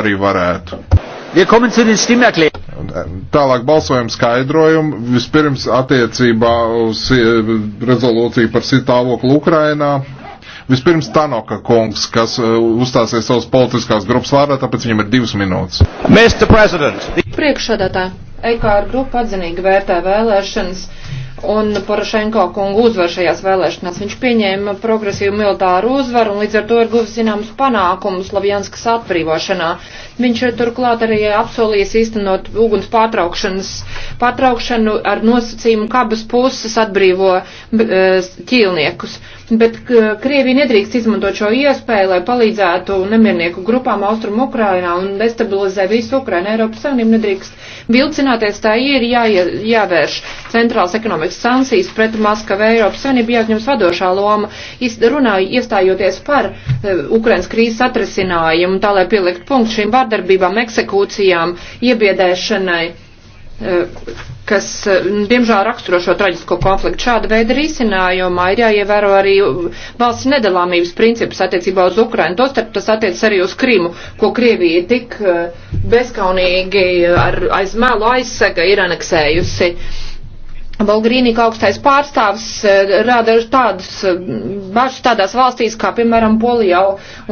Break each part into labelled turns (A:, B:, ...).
A: arī varētu. Eh, tālāk balsojam skaidrojumu. Vispirms attiecībā uz eh, rezolūciju par situāvokli Ukrainā. Vispirms Tanoka kungs, kas eh, uzstāsies savas politiskās grupas vārdā, tāpēc viņam ir divas minūtes.
B: Priekšsādātā EKR grupa atzinīgi vērtē vēlēšanas un Porošenko kungu uzvar šajās vēlēšanās. Viņš pieņēma progresīvu militāru uzvaru un līdz ar to ir guvis zināms panākumus Lavjanskas atbrīvošanā. Viņš turklāt arī apsolījis īstenot uguns pārtraukšanas pārtraukšanu ar nosacījumu, ka abas puses atbrīvo e, ķīlniekus. Bet e, Krievija nedrīkst izmantot šo iespēju, lai palīdzētu nemiernieku grupām Austrum Ukrainā un destabilizē visu Ukrainu. Eiropas Savienība nedrīkst vilcināties, tā ir jā, jāvērš centrāls ekonomikas sankcijas pret Maskavu. Eiropas Savienība jāuzņems vadošā loma, runāja iestājoties par e, Ukrainas krīzes atrisinājumu, tā lai pielikt punktu šīm vārdām vārdarbībām, eksekūcijām, iebiedēšanai eh, kas, eh, diemžēl, raksturo šo traģisko konfliktu. Šāda veida risinājumā ir jāievēro arī uh, valsts nedalāmības princips attiecībā uz Ukrainu. Tostarp tas attiec arī uz Krimu, ko Krievija tik eh, bezkaunīgi ar, aiz melu aizsega ir aneksējusi. Uh, Balgrīnika augstais pārstāvs eh, rada tādas eh, bažas tādās valstīs kā, piemēram, Polijā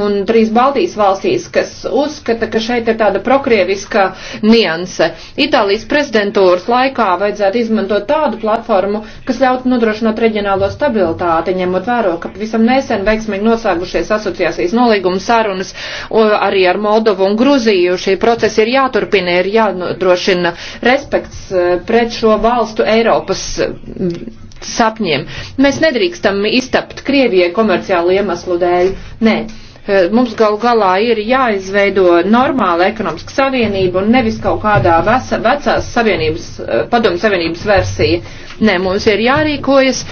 B: un trīs Baltijas valstīs, kas uzskata, ka šeit ir tāda prokrieviska nianse. Itālijas prezidentūras laikā vajadzētu izmantot tādu platformu, kas ļautu nodrošināt reģionālo stabilitāti, ņemot vēro, ka pavisam nesen veiksmīgi noslēgušies asociācijas nolīguma sarunas arī ar Moldovu un Gruziju. Šī procesa ir jāturpina, ir jānodrošina respekts eh, pret šo valstu Eiropas savas mm, sapņiem. Mēs nedrīkstam iztapt Krievijai komerciālu iemeslu dēļ. Nē. E, mums gal galā ir jāizveido normāla ekonomiska savienība un nevis kaut kādā vesa, vecās savienības, e, padomu savienības versija. Nē, mums ir jārīkojas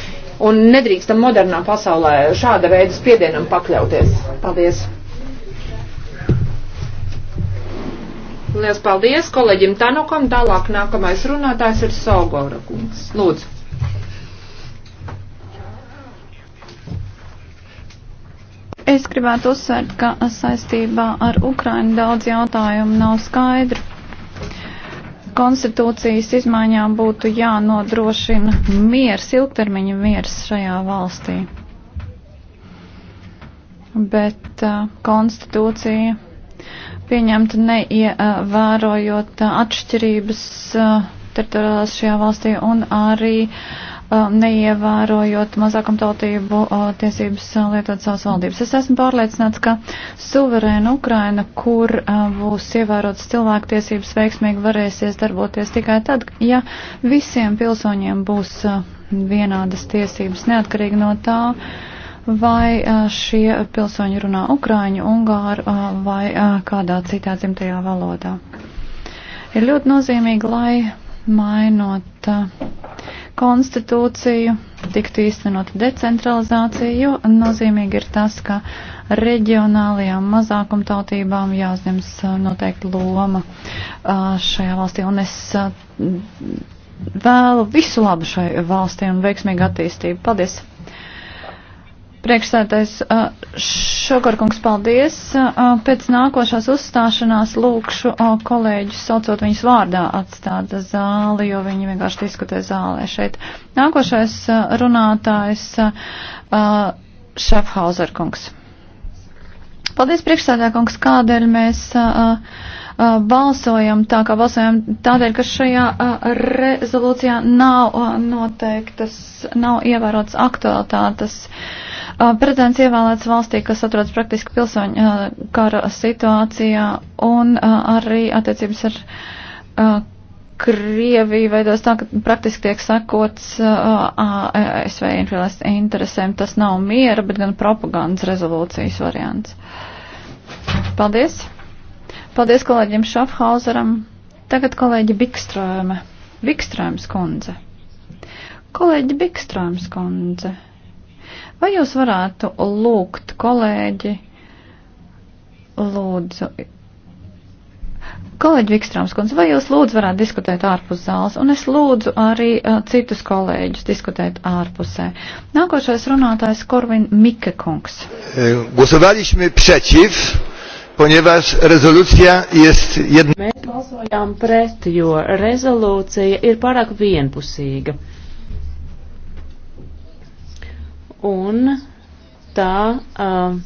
B: un nedrīkstam modernā pasaulē šāda veida spiedienam pakļauties. Paldies! Lielas paldies kolēģim Tanukam. Tālāk nākamais runātājs ir Sogora kungs. Lūdzu.
C: Es gribētu uzsvērt, ka saistībā ar Ukrainu daudz jautājumu nav skaidru konstitūcijas izmaiņām būtu jānodrošina miers, ilgtermiņa miers šajā valstī. Bet uh, konstitūcija pieņemta neievērojot uh, atšķirības uh, teritoriālās šajā valstī un arī uh, neievērojot mazākumtautību tiesības lietot savas valdības. Es esmu pārliecināts, ka suverēna Ukraina, kur būs ievērotas cilvēktiesības, veiksmīgi varēsies darboties tikai tad, ja visiem pilsoņiem būs vienādas tiesības, neatkarīgi no tā, vai šie pilsoņi runā ukrāņu, ungāru vai kādā citā dzimtajā valodā. Ir ļoti nozīmīgi, lai mainot konstitūciju, tiktu īstenot decentralizācija, jo nozīmīgi ir tas, ka reģionālajām mazākumtautībām jāuzņems noteikti loma šajā valstī. Un es vēlu visu labu šai valstī un veiksmīgu attīstību. Paldies! Priekšsētais Šokarkungs, paldies. Pēc nākošās uzstāšanās lūkšu kolēģus, saucot viņus vārdā, atstāt zāli, jo viņi vienkārši diskutē zālē šeit. Nākošais runātājs Šafhauserkungs. Paldies, priekšsēdā kungs, kādēļ mēs. Uh, Uh, balsojam tā, kā balsojam tādēļ, ka šajā uh, rezolūcijā nav uh, noteiktas, nav ievērotas aktualitātes. Prezidents ievēlēts valstī, kas atrodas praktiski pilsoņu kara situācijā un arī attiecības ar Krieviju veidos tā, ka praktiski tiek sakots ASV interesēm. Tas nav miera, bet gan propagandas rezolūcijas variants. Paldies! Paldies kolēģim Šafhauseram. Tagad kolēģi Bikstrēme. Bikstrēms kundze. Kolēģi Bikstrēms kundze. Vai jūs varētu lūgt kolēģi, lūdzu, Kolēģi Vikstrāms kundze, vai jūs lūdzu varētu diskutēt ārpus zāles? Un es lūdzu arī uh, citus kolēģus diskutēt ārpusē. Nākošais runātājs Korvin Mikekungs.
A: E, głosowaliśmy przeciw ponieważ rezolucja jest jedna.
D: Mēs balsojām pret, jo rezolūcija ir pārāk vienpusīga. Un tā um,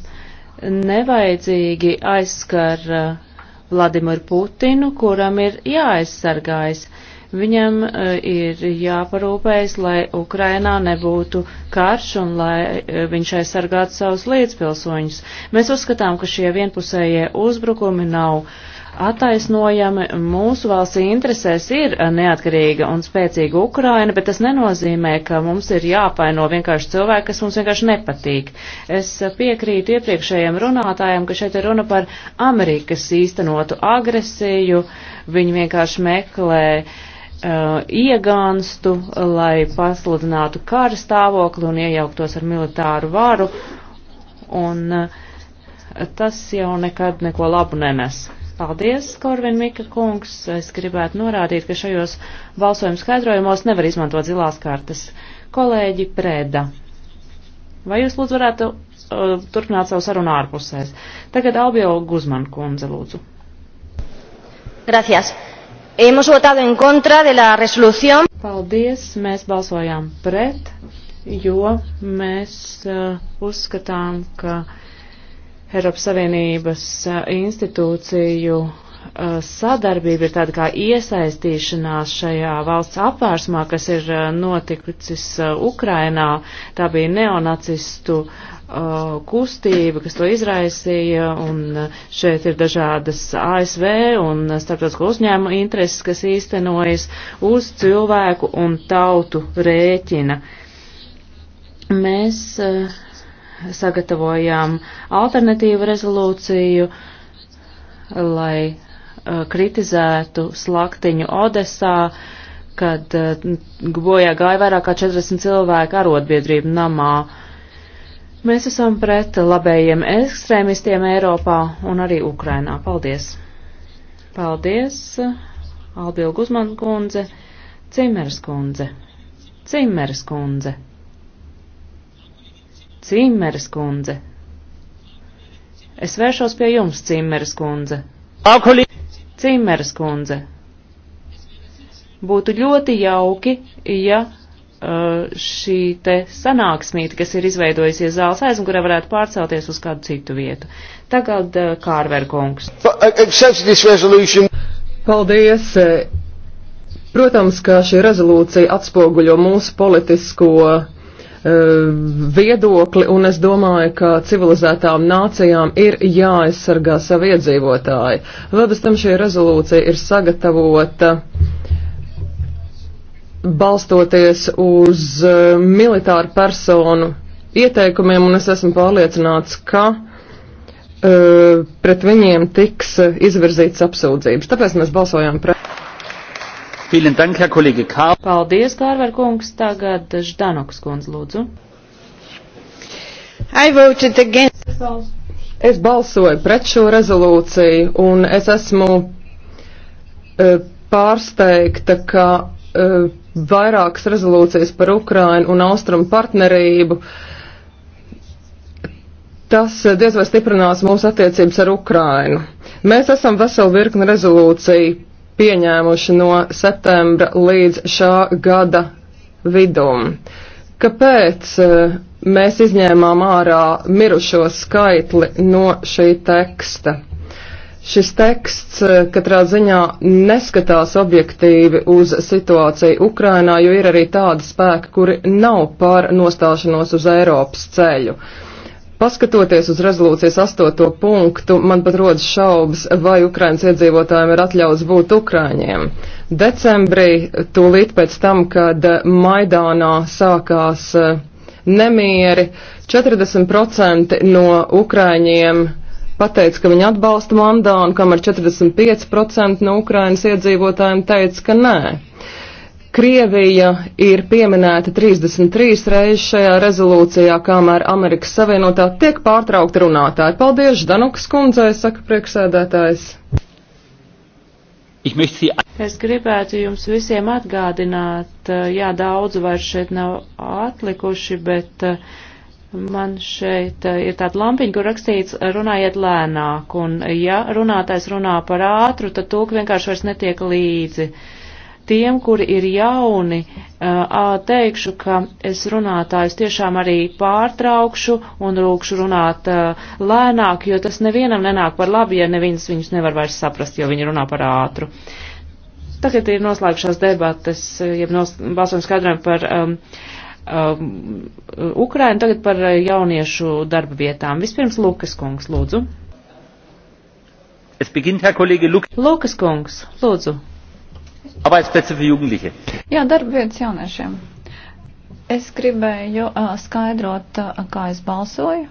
D: nevajadzīgi aizskar uh, Vladimir Putinu, kuram ir jāaizsargājas. Uh, Viņam e, ir jāparūpējas, lai Ukrainā nebūtu karš un lai e, viņš aizsargātu savus līdzpilsoņus. Mēs uzskatām, ka šie vienpusējie uzbrukumi nav attaisnojami. Mūsu valsts interesēs ir e, neatkarīga un spēcīga Ukraina, bet tas nenozīmē, ka mums ir jāpaino vienkārši cilvēki, kas mums vienkārši nepatīk. Es piekrītu iepriekšējiem runātājiem, ka šeit ir runa par Amerikas īstenotu agresiju. Viņi vienkārši meklē uh, Uh, iegānstu, lai pasludinātu kara stāvokli un iejauktos ar militāru varu, un uh, tas jau nekad neko labu nenes. Paldies, Korvin Mika kungs. Es gribētu norādīt, ka šajos balsojuma skaidrojumos nevar izmantot zilās kartes. Kolēģi Preda, vai jūs lūdzu varētu uh, turpināt savu sarunu ārpusēs? Tagad Albio Guzman kundze lūdzu.
A: Gracias. Hemos votado en contra de la resolución.
D: Paldies, mēs balsojām pret, jo mēs uh, uzskatām, ka Eiropas Savienības uh, institūciju Uh, sadarbība ir tāda kā iesaistīšanās šajā valsts apvērsmā, kas ir uh, notikusis uh, Ukrainā. Tā bija neonacistu kustība, kas to izraisīja, un šeit ir dažādas ASV un starptautisko uzņēmu intereses, kas īstenojas uz cilvēku un tautu rēķina. Mēs sagatavojām alternatīvu rezolūciju, lai Uh, kritizētu slaktiņu Odesā, kad bojā uh, gāja vairāk kā 40 cilvēku arotbiedrību namā. Mēs esam pret labējiem ekstrēmistiem Eiropā un arī Ukrainā. Paldies! Paldies, Albilga Uzman kundze, Cimeres kundze, Cimeres kundze, Cimeres kundze. Es vēršos pie jums, Cimeres kundze. Alkolī. Cimeras kundze, būtu ļoti jauki, ja uh, šī te sanāksmīte, kas ir izveidojusies zāles aiz un kurā varētu pārcelties uz kādu citu vietu. Tagad uh, Kārver kungs.
A: Uh, Paldies! Protams, ka šī rezolūcija atspoguļo mūsu politisko uh, Eh, viedokli, un es domāju, ka civilizētām nācijām ir jāaizsargā savi iedzīvotāji. Vēl bez tam šī rezolūcija ir sagatavota balstoties uz eh, militāru personu ieteikumiem, un es esmu pārliecināts, ka uh, pret viņiem tiks izvirzītas apsūdzības. Tāpēc mēs balsojām pret. Paldies,
D: Kārver kungs. Tagad Ždanoks kundz lūdzu.
A: Es balsoju pret šo rezolūciju un es esmu uh, pārsteigta, ka uh, vairākas rezolūcijas par Ukrainu un Austrumu partnerību tas diez vai stiprinās mūsu attiecības ar Ukrainu. Mēs esam veselu virkni rezolūciju pieņēmuši no septembra līdz šā gada vidum. Kāpēc e, mēs izņēmām ārā mirušo skaitli no šī teksta? Šis teksts e, katrā ziņā neskatās objektīvi uz situāciju Ukrainā, jo ir arī tādi spēki, kuri nav pār nostāšanos uz Eiropas ceļu. Uh, Paskatoties uz rezolūcijas astoto punktu, man pat rodas šaubas, vai Ukrainas iedzīvotājiem ir atļauts būt Ukraiņiem. Decembrī, tūlīt pēc tam, kad eh, Maidānā sākās eh, nemieri, 40% no Ukraiņiem pateica, ka viņi atbalsta Mandānu, kamēr 45% no Ukrainas iedzīvotājiem teica, ka nē. Krievija ir pieminēta 33 reizes šajā rezolūcijā, kamēr Amerikas Savienotā tiek pārtraukta runātāja. Paldies, Danukas kundzei, saka priekšsēdētājs.
D: Es gribētu jums visiem atgādināt, eh, jā, daudz vairs šeit nav atlikuši, bet eh, man šeit eh, ir tāda lampiņa, kur rakstīts runājiet lēnāk, un ja runātais runā par ātru, tad tūk vienkārši vairs netiek līdzi. Uh, Tiem, kuri ir jauni, teikšu, ka es runātājus tiešām arī pārtraukšu un rūkšu runāt lēnāk, jo tas nevienam nenāk par labi, ja neviens viņus nevar vairs saprast, jo viņi runā par ātru. Tagad ir noslēgšās debates, jeb nos, balsojums skaidrojumu par um, um, Ukrainu, tagad par jauniešu darba vietām. Vispirms Lukas kungs, lūdzu.
C: Lukas kungs, lūdzu.
D: Arbeitsplätze für Jugendliche.
C: Jā, darba vietas jauniešiem. Es gribēju uh, skaidrot, uh, kā es balsoju.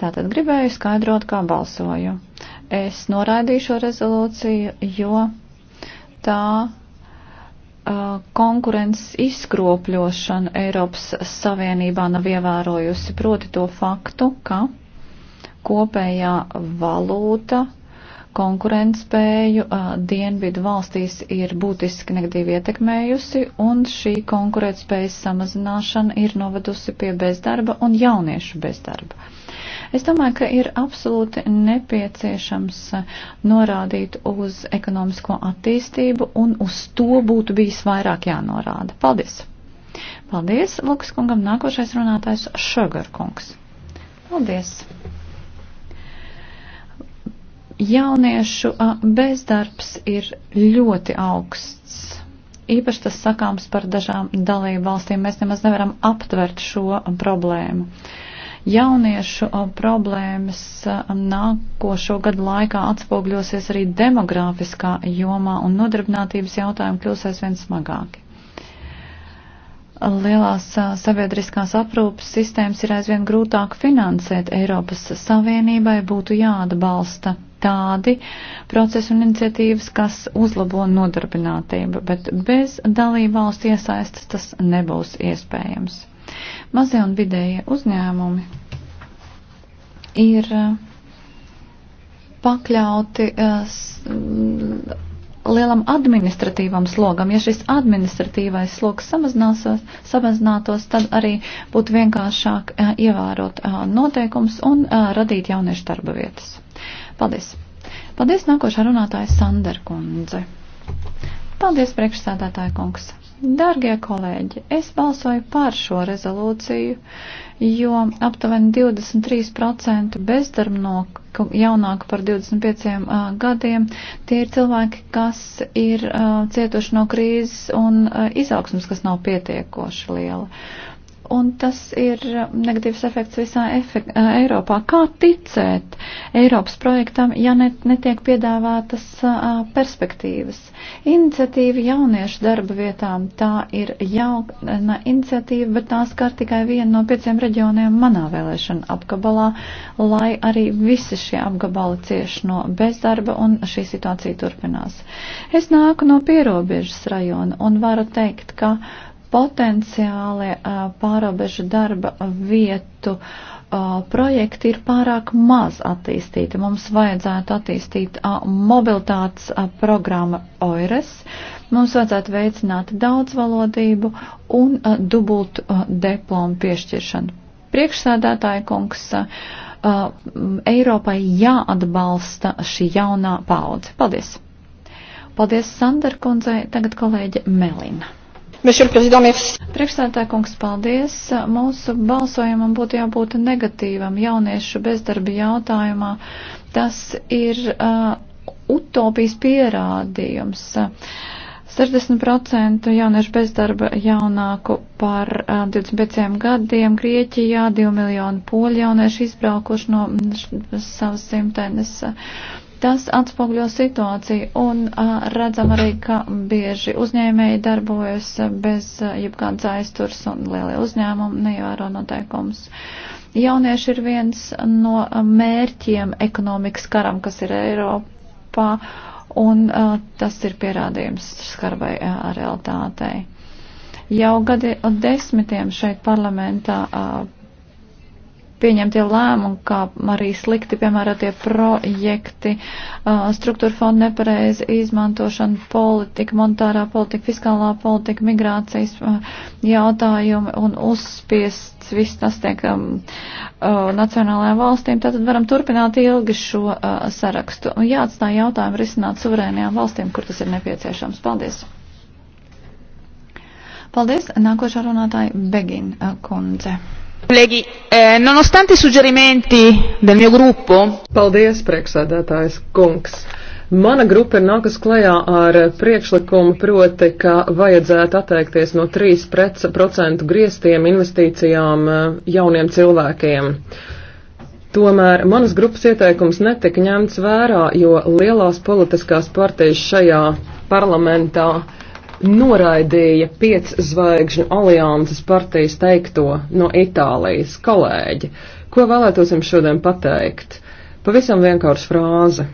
C: Tātad gribēju skaidrot, kā balsoju. Es noraidīju šo rezolūciju, jo tā konkurences izkropļošana Eiropas Savienībā nav ievērojusi proti to faktu, ka kopējā valūta konkurentspēju dienvidu valstīs ir būtiski negatīvi ietekmējusi, un šī konkurētspējas samazināšana ir novedusi pie bezdarba un jauniešu bezdarba. Es domāju, ka ir absolūti nepieciešams norādīt uz ekonomisko attīstību, un uz to būtu bijis vairāk jānorāda. Paldies! Paldies, Lukas kungam, nākošais runātājs Šogar kungs. Paldies! Jauniešu bezdarbs ir ļoti augsts. Īpaši tas sakāms par dažām dalību valstīm. Mēs nemaz nevaram aptvert šo problēmu. Jauniešu problēmas nākošo gadu laikā atspogļosies arī demogrāfiskā jomā un nodarbinātības jautājumi kļūs aizvien smagāki lielās sabiedriskās aprūpas sistēmas ir aizvien grūtāk finansēt Eiropas Savienībai, būtu jāatbalsta tādi procesi un iniciatīvas, kas uzlabo nodarbinātību, bet bez dalību valsts iesaistas tas nebūs iespējams. Mazie un vidējie uzņēmumi ir uh, pakļauti uh, lielam administratīvam slogam. Ja šis administratīvais sloks samazinātos, tad arī būtu vienkāršāk uh, ievērot noteikums un radīt jauniešu darba vietas. Paldies! Paldies nākošā runātāja Sandra Kundze. Paldies priekšsēdētāja kungs. Dārgie kolēģi, es balsoju par šo rezolūciju, jo aptuveni 23% bezdarba no jaunāku par 25 uh, gadiem tie ir cilvēki, kas ir uh, cietuši no krīzes un uh, izaugsmas, kas nav pietiekoši liela. Uh, un tas ir negatīvs efekts visā efek Eiropā. Kā ticēt Eiropas projektam, ja net, netiek piedāvātas perspektīvas? Iniciatīva jauniešu darba vietām, tā ir jauna iniciatīva, bet tās skar tikai vienu no pieciem reģioniem manā vēlēšana apgabalā, lai arī visi šie apgabali cieši no bezdarba un šī situācija turpinās. Es nāku no pierobežas rajona un varu teikt, ka potenciāli pārobežu darba vietu projekti ir pārāk maz attīstīti. Mums vajadzētu attīstīt mobilitātes programmu OIRES, mums vajadzētu veicināt daudzvalodību un dubultu diplomu piešķiršanu. Priekšsēdētāja kungs, Eiropai jāatbalsta šī jaunā paudze. Paldies! Paldies Sanderkundzei, tagad kolēģe Melina. Priekšstādā kungs, paldies. Mūsu balsojumam būtu jābūt negatīvam jauniešu bezdarba jautājumā. Tas ir uh, utopijas pierādījums. Uh, 60% jauniešu bezdarba jaunāku par 25 uh, gadiem Grieķijā, 2 miljonu poļu jauniešu izbraukuši no savas dzimtenes. Tas atspogļo situāciju un a, redzam arī, ka bieži uzņēmēji darbojas bez jebkādas aizturs un lielie uzņēmumi neievēro noteikumus. Jaunieši ir viens no mērķiem ekonomikas karam, kas ir Eiropā, un a, tas ir pierādījums skarbai a, realitātei. Jau gadi desmitiem šeit parlamentā. A, pieņemtie lēmumi, kā arī slikti, piemēram, tie projekti, uh, struktūra fonda nepareizi izmantošana, politika, monetārā politika, fiskālā politika, migrācijas uh, jautājumi un uzspiests, viss tas tiek um, uh, nacionālajām valstīm. Tātad varam turpināt ilgi šo uh, sarakstu. Jāatstāj jautājumu risināt suverēnajām valstīm, kur tas ir nepieciešams. Paldies! Paldies! Nākošā runātāja Begin kundze.
A: Kolēģi, eh, nonostante suggerimenti del mio gruppo. Paldies, priekšsēdētājs kungs. Mana grupa ir nākas klajā ar priekšlikumu proti, ka vajadzētu atteikties no 3% griestiem investīcijām eh, jauniem cilvēkiem. Tomēr manas grupas ieteikums netika ņemts vērā, jo lielās politiskās partijas šajā parlamentā noraidīja pieczvaigžņu alianses partijas teikto no Itālijas kolēģi. Ko vēlētos jums šodien pateikt? Pavisam vienkārši frāze.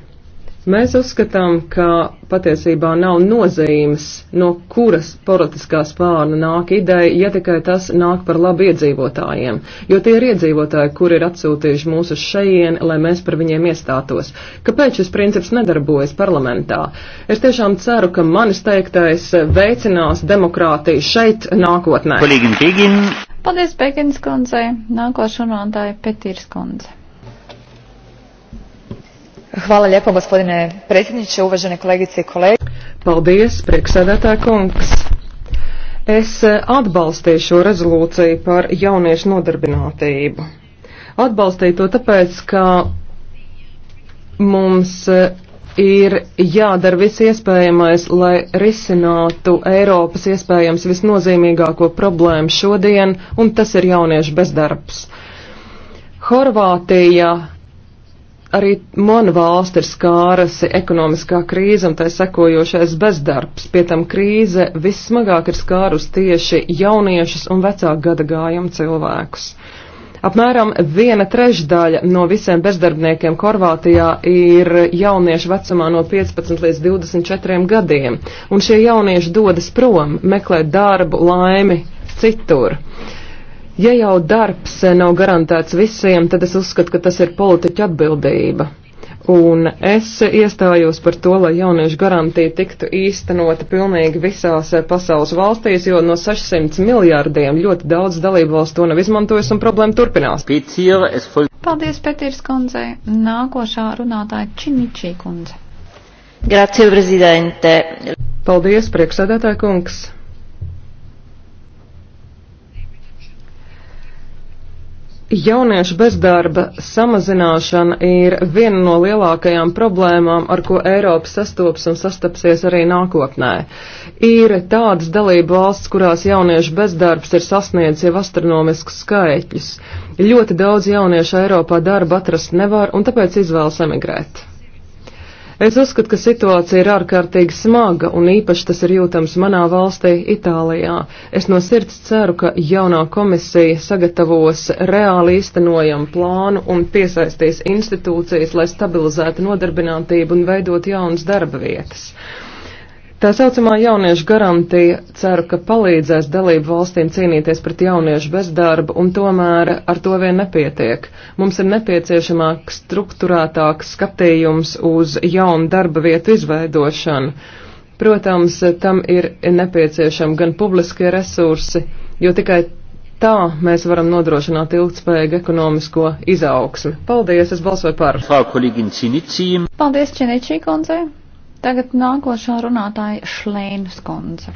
A: Mēs uzskatām, ka patiesībā nav nozīmes, no kuras politiskā spārna nāk ideja, ja tikai tas nāk par labu iedzīvotājiem, jo tie ir iedzīvotāji, kuri ir atsūtījuši mūs uz šejien, lai mēs par viņiem iestātos. Kāpēc šis princips nedarbojas parlamentā? Es tiešām ceru, ka manis teiktais veicinās demokrātiju šeit nākotnē.
C: Paldies, Pēkins kundzei. Nākošais runātāja Petīrs kundze. Hvala lijepo gospodine
A: predsjedniče, uvažene kolegice i kolege. Paldies, prieksēdētāj kungs. Es eh, atbalstīšu rezolūciju par jauniešu nodarbinātību. Atbalstīju to tāpēc, ka mums eh, ir jādara viss iespējamais, lai risinātu Eiropas iespējams visnozīmīgāko problēmu šodien, un tas ir jauniešu bezdarbs. Horvātija Arī mana valsts ir skārasi ekonomiskā krīze un tā sekojošais bezdarbs. Pie tam krīze vissmagāk ir skārus tieši jauniešus un vecāku gada gājumu cilvēkus. Apmēram viena trešdaļa no visiem bezdarbniekiem Horvātijā ir jaunieši vecumā no 15 līdz 24 gadiem, un šie jaunieši dodas prom meklēt darbu, laimi citur. Uh, Ja jau darbs nav garantēts visiem, tad es uzskatu, ka tas ir politiķa atbildība. Un es iestājos par to, lai jauniešu garantija tiktu īstenota pilnīgi visās eh, pasaules valstīs, jo no 600 miljārdiem ļoti daudz dalību valsts to nav izmantojis un problēma turpinās.
C: Paldies, Petīrs kundzei. Nākošā runātāja Činičī kundze.
A: Grazie, prezidente. Paldies, priekšsēdētāja kungs. Jauniešu bezdarba samazināšana ir viena no lielākajām problēmām, ar ko Eiropa sastopas un sastapsies arī nākotnē. Ir tādas dalība valsts, kurās jauniešu bezdarbs ir sasniedzis jau astronomiskus skaitļus. Ļoti daudz jauniešu Eiropā darba atrast nevar un tāpēc izvēlas emigrēt. Es uzskatu, ka situācija ir ārkārtīgi smaga, un īpaši tas ir jūtams manā valstī, Itālijā. Es no sirds ceru, ka jaunā komisija sagatavos reāli īstenojamu plānu un piesaistīs institūcijas, lai stabilizētu nodarbinātību un veidot jaunas darba vietas. Tā saucamā jauniešu garantija ceru, ka palīdzēs dalību valstīm cīnīties pret jauniešu bezdarbu, un tomēr ar to vien nepietiek. Mums ir nepieciešamāks struktūrētāks skatījums uz jaunu darba vietu izveidošanu. Protams, tam ir nepieciešami gan publiskie resursi, jo tikai tā mēs varam nodrošināt ilgspējīgu ekonomisko izaugsmi. Paldies, es balsoju par.
C: Paldies, Čeničī konzē. Tagad nākošā runātāja Šlēnas kundze.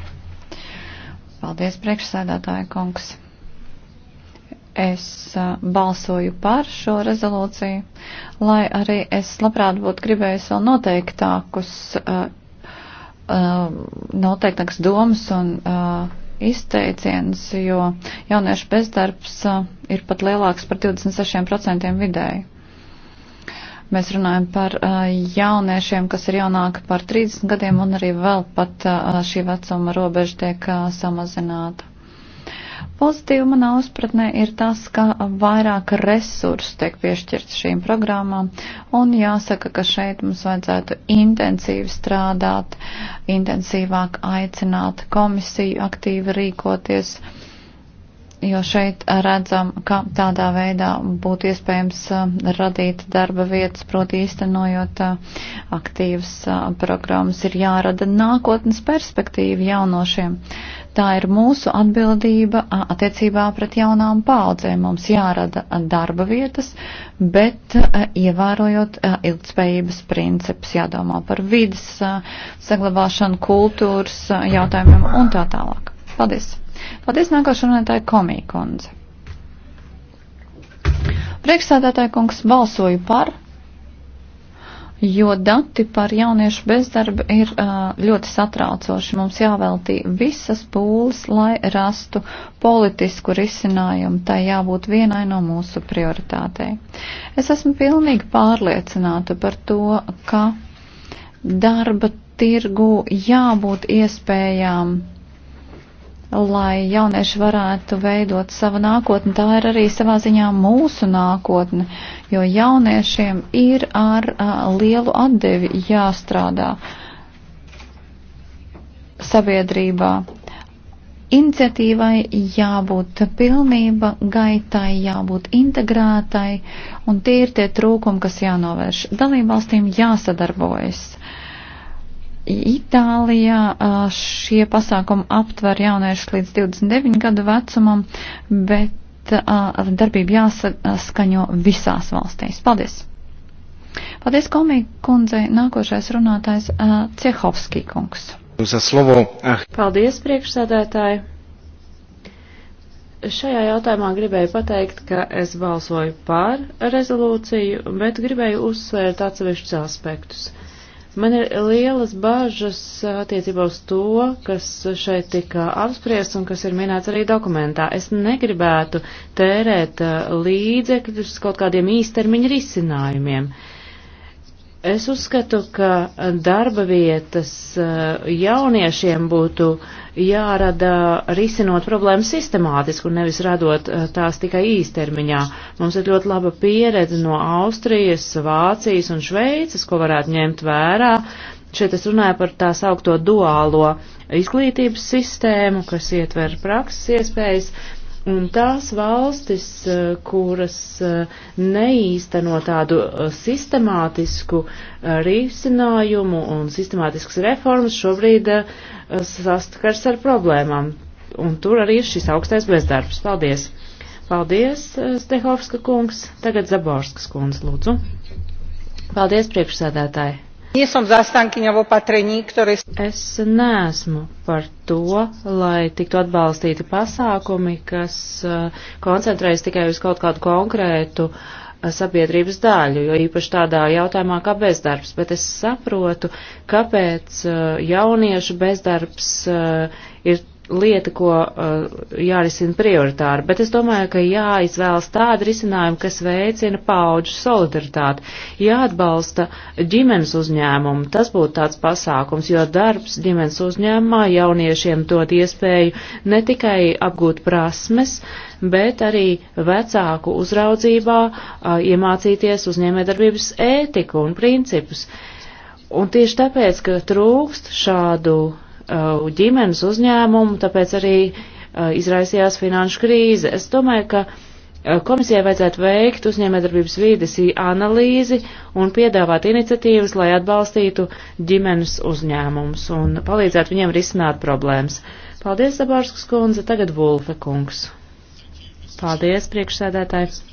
C: Paldies, priekšsēdētāja kungs. Es uh, balsoju par šo rezolūciju, lai arī es labprāt būtu gribējis vēl noteiktākus, uh, uh, noteiktākas domas un izteiciens, jo jauniešu bezdarbs ir pat lielāks par 26% vidēji. Mēs runājam par jauniešiem, kas ir jaunāki par 30 gadiem, un arī vēl pat šī vecuma robeža tiek samazināta. Pozitīvi manā uzpratnē ir tas, ka vairāk resursu tiek piešķirts šīm programmām, un jāsaka, ka šeit mums vajadzētu intensīvi strādāt, intensīvāk aicināt komisiju aktīvi rīkoties. Uh, jo šeit redzam, ka tādā veidā būtu iespējams uh, radīt darba vietas, proti īstenojot uh, aktīvas uh, programmas, ir jārada nākotnes perspektīva jaunošiem. Tā ir mūsu atbildība attiecībā pret jaunām paudzēm. Mums jārada darba vietas, bet ievērojot ilgtspējības principus, jādomā par vidas saglabāšanu, kultūras jautājumiem un tā tālāk. Paldies! Paldies, nākošais runātāja Komija kundze. Priekšsādātāja kungs balsoju par, jo dati par jauniešu bezdarbu ir ļoti satraucoši. Mums jāveltī visas pūles, lai rastu politisku risinājumu. Tā jābūt vienai no mūsu prioritātei. Es esmu pilnīgi pārliecināta par to, ka darba tirgu jābūt iespējām lai jaunieši varētu veidot savu nākotni. Tā ir arī savā ziņā mūsu nākotne, jo jauniešiem ir ar uh, lielu atdevi jāstrādā sabiedrībā. Iniciatīvai jābūt pilnība gaitai, jābūt integrētai, un tie ir tie trūkumi, kas jānovērš. Dalībvalstīm jāsadarbojas Itālijā šie pasākumi aptver jauniešus līdz 29 gadu vecumam, bet darbība jāsaskaņo visās valstīs. Paldies! Paldies, komija kundze. Nākošais runātājs Ciehovskī kungs.
D: Paldies, priekšsēdētāji! Šajā jautājumā gribēju pateikt, ka es balsoju pār rezolūciju, bet gribēju uzsvērt atsevišķus aspektus. Man ir lielas bažas attiecībā uz to, kas šeit tika apspriests un kas ir minēts arī dokumentā. Es negribētu tērēt uh, līdzekļus kaut kādiem īstermiņa risinājumiem. Uh, Es uzskatu, ka darba vietas eh, jauniešiem būtu jārada risinot problēmas sistemātiski un nevis radot eh, tās tikai īstermiņā. Mums ir ļoti laba pieredze no Austrijas, Vācijas un Šveices, ko varētu ņemt vērā. Šeit es runāju par tā saukto duālo izglītības sistēmu, kas ietver prakses iespējas Un tās valstis, eh, kuras eh, neīsteno tādu eh, sistemātisku risinājumu un sistemātiskas reformas, šobrīd sastakars ar problēmām. Un tur arī ir šis augstais bezdarbs. Paldies! Paldies, Stehovska kungs! Tagad Zaborskas kungs, lūdzu! Paldies, priekšsēdētāji! Es neesmu par to, lai tiktu atbalstīti pasākumi, kas eh, koncentrējas tikai uz kaut kādu konkrētu eh, sabiedrības daļu, jo īpaši tādā jautājumā kā bezdarbs, bet es saprotu, kāpēc eh, jauniešu bezdarbs ir lieta, ko uh, jārisina prioritāri, bet es domāju, ka jāizvēlas tādi risinājumi, kas veicina paudžu solidaritāti, jāatbalsta ģimenes uzņēmumu. Tas būtu tāds pasākums, jo darbs ģimenes uzņēmumā jauniešiem dod iespēju ne tikai apgūt prasmes, bet arī vecāku uzraudzībā uh, iemācīties uzņēmējdarbības ētiku un principus. Un tieši tāpēc, ka trūkst šādu Uh, ģimenes uzņēmumu, tāpēc arī uh, izraisījās finanšu krīze. Es domāju, ka uh, komisijai vajadzētu veikt uzņēmējdarbības vīdes analīzi un piedāvāt iniciatīvas, lai atbalstītu ģimenes uzņēmumus un palīdzētu viņiem risināt problēmas. Paldies, Zabārskas kundze, tagad Vulfe kungs. Paldies, priekšsēdētāji.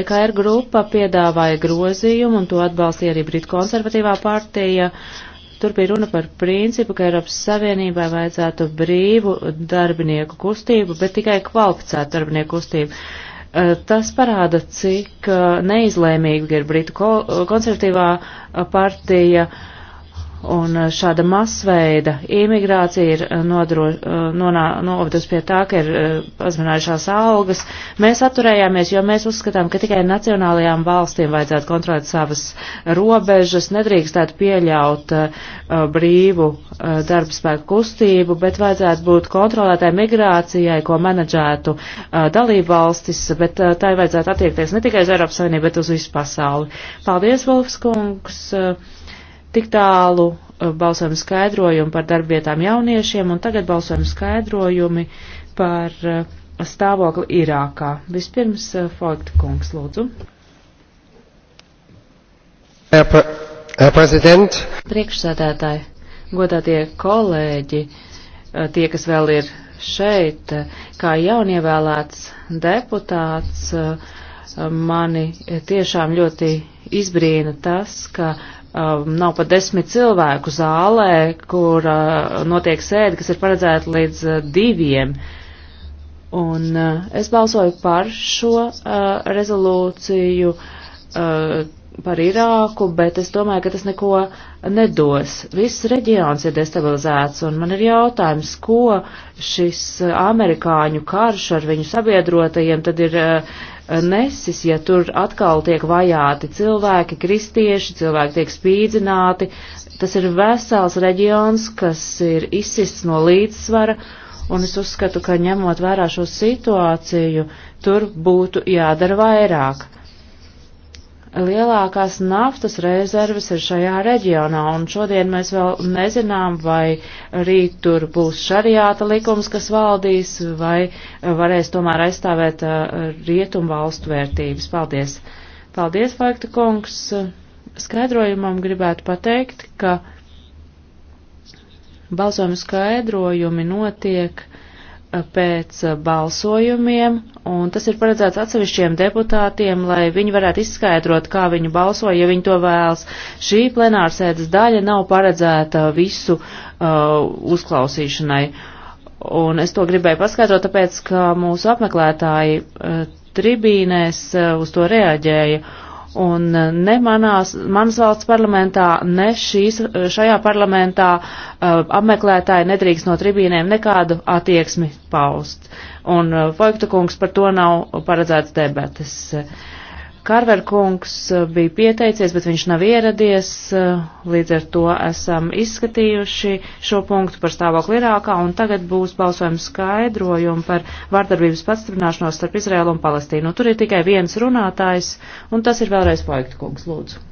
D: EKR grupa piedāvāja grozījumu, un to atbalstīja arī Brita konservatīvā partija, uh, Tur bija runa par principu, ka Eiropas Savienībai vajadzētu brīvu darbinieku kustību, bet tikai kvalificētu darbinieku kustību. Eh, tas parāda, cik eh, neizlēmīgi ir Britu konservatīvā eh, partija. Uh, Un eh, šāda masveida imigrācija ir eh, nodro, eh, nonā, novedus pie tā, ka ir pazeminājušās algas. Mēs atturējāmies, jo mēs uzskatām, ka tikai nacionālajām valstīm vajadzētu kontrolēt savas robežas, nedrīkstētu pieļaut uh, brīvu uh, darbspēku kustību, bet vajadzētu būt kontrolētai migrācijai, ko menedžētu uh, dalību valstis, bet tai vajadzētu attiekties ne tikai uz Eiropas Savienību, bet uz visu pasauli. Paldies, Volfskungs! Tik tālu uh, balsojumu skaidrojumu par darbvietām jauniešiem, un tagad balsojumu skaidrojumi par uh, stāvokli Irākā. Vispirms uh, Folkta kungs, lūdzu. Priekšsēdētāji, godātie kolēģi, tie, kas vēl ir šeit, kā jaunievēlēts deputāts, mani tiešām ļoti izbrīna tas, ka uh, Um, nav pat desmit cilvēku zālē, kur uh, notiek sēde, kas ir paredzēta līdz uh, diviem. Un uh, es balsoju par šo rezolūciju par Irāku, bet es domāju, ka tas neko nedos. Viss reģions ir destabilizēts, un man ir jautājums, ko šis eh, amerikāņu karš ar viņu sabiedrotajiem tad ir eh, nesis, ja tur atkal tiek vajāti cilvēki, kristieši, cilvēki tiek spīdzināti. Tas ir vesels reģions, kas ir izsists no līdzsvara, un es uzskatu, ka ņemot vērā šo situāciju, tur būtu jādara vairāk lielākās naftas rezerves ir šajā reģionā, un šodien mēs vēl nezinām, vai rīt tur būs šariāta likums, kas valdīs, vai varēs tomēr aizstāvēt uh, rietumu valstu vērtības. Paldies! Paldies, Fakta kungs! Skaidrojumam gribētu pateikt, ka balsojuma skaidrojumi notiek pēc balsojumiem, un tas ir paredzēts atsevišķiem deputātiem, lai viņi varētu izskaidrot, kā viņi balsoja, ja viņi to vēlas. Šī plenārsēdes daļa nav paredzēta visu uh, uzklausīšanai. Un es to gribēju paskaidrot, tāpēc, ka mūsu apmeklētāji uh, tribīnēs uh, uz to reaģēja Un eh, ne manās, manas valsts parlamentā, ne šīs, eh, šajā parlamentā uh, apmeklētāji nedrīkst no tribīnēm nekādu attieksmi paust. Un uh, Vojkta kungs par to nav paredzēts debates. Uh, Karver kungs eh, bija pieteicies, bet viņš nav ieradies, eh, līdz ar to esam izskatījuši šo punktu par stāvokli Irākā, un tagad būs balsojums skaidrojumu par vardarbības pastiprināšanos starp Izraēlu un Palestīnu. Nu, tur ir tikai viens runātājs, un tas ir vēlreiz Poikta kungs, lūdzu.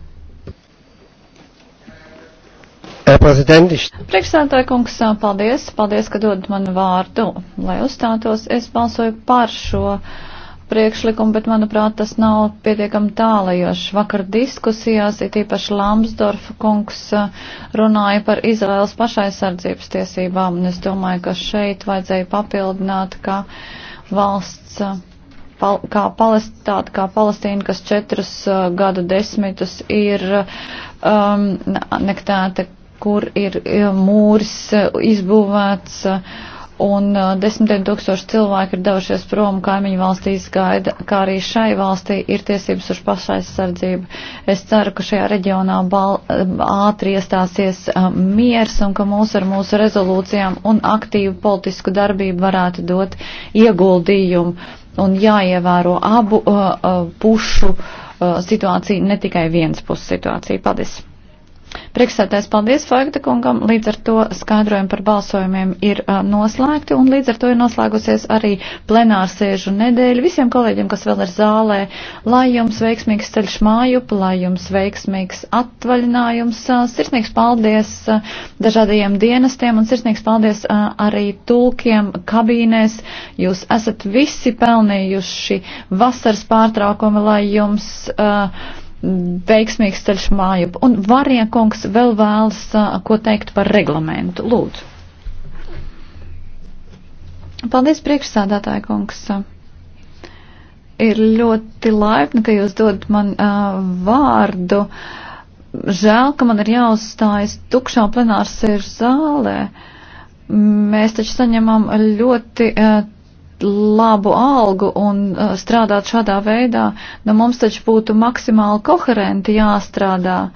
A: Priekšstādātāja
C: kungs, paldies, paldies, ka dod man vārdu, lai uzstātos. Es balsoju par šo. Uh, priekšlikumu, bet, manuprāt, tas nav pietiekami tālajošs. Vakar diskusijās it īpaši Lambsdorfa kungs uh, runāja par Izraels pašaizsardzības tiesībām, un es domāju, ka šeit vajadzēja papildināt, ka valsts. Uh, pal, kā, palest, tāda kā Palestīna, kas četrus uh, gadu desmitus ir um, anektēta, kur ir uh, mūris uh, izbūvēts. Uh, un uh, desmitiem tūkstoši cilvēki ir devušies prom kaimiņu valstīs, gaida, kā arī šai valstī ir tiesības uz pašaizsardzību. Es ceru, ka šajā reģionā bal, ātri iestāsies uh, miers un ka mūs ar mūsu rezolūcijām un aktīvu politisku darbību varētu dot ieguldījumu un jāievēro abu uh, uh, pušu uh, situācija, ne tikai viens puses situācija. Paldies! Priekšsētājs paldies Faigta kungam, līdz ar to skaidrojumi par balsojumiem ir uh, noslēgti un līdz ar to ir noslēgusies arī plenārsēžu nedēļa. Visiem kolēģiem, kas vēl ir zālē, lai jums veiksmīgs ceļš mājup, lai jums veiksmīgs atvaļinājums, uh, sirsnīgs paldies uh, dažādajiem dienestiem un sirsnīgs paldies uh, arī tulkiem kabīnēs. Jūs esat visi pelnījuši vasaras pārtraukumu, lai jums. Uh, veiksmīgs ceļš māju. Un Variekungs vēl vēlas uh, ko teikt par reglamentu. Lūdzu. Paldies, priekšsādātāja kungs. Ir ļoti laipni, ka jūs dodat man uh, vārdu. Žēl, ka man ir jāuzstājas tukšā plenārsēžu zālē. Mēs taču saņemam ļoti uh, labu algu un uh, strādāt šādā veidā, nu mums taču būtu maksimāli koherenti jāstrādā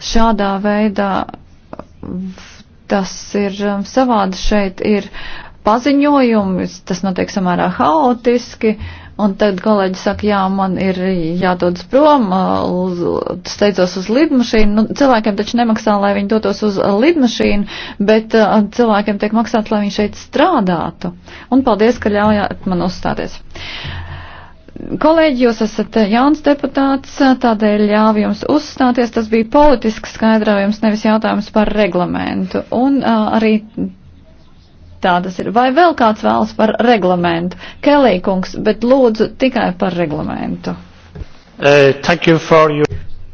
C: šādā veidā. Tas ir um, savādi šeit ir paziņojumi, tas notiek samērā haotiski. Uh, Un tad kolēģi saka, jā, man ir jādodas prom, uz, steidzos uz lidmašīnu. Nu, cilvēkiem taču nemaksā, lai viņi dotos uz lidmašīnu, bet uh, cilvēkiem tiek maksāts, lai viņi šeit strādātu. Un paldies, ka ļaujāt man uzstāties. Kolēģi, jūs esat jauns deputāts, tādēļ ļāvu jums uzstāties. Tas bija politisks skaidrojums, nevis jautājums par reglamentu. Un uh, arī Tā tas ir. Vai vēl kāds vēlas par reglamentu? Kelīkungs, bet lūdzu tikai par reglamentu.
A: Uh, thank you for you.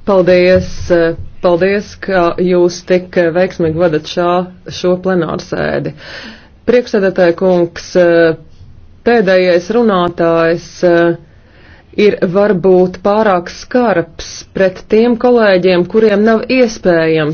A: Paldies, eh, paldies, ka jūs tik veiksmīgi vadat šā, šo plenārsēdi. Priekšsēdētāja kungs, eh, pēdējais runātājs ir varbūt pārāk skarbs pret tiem kolēģiem, kuriem nav iespējams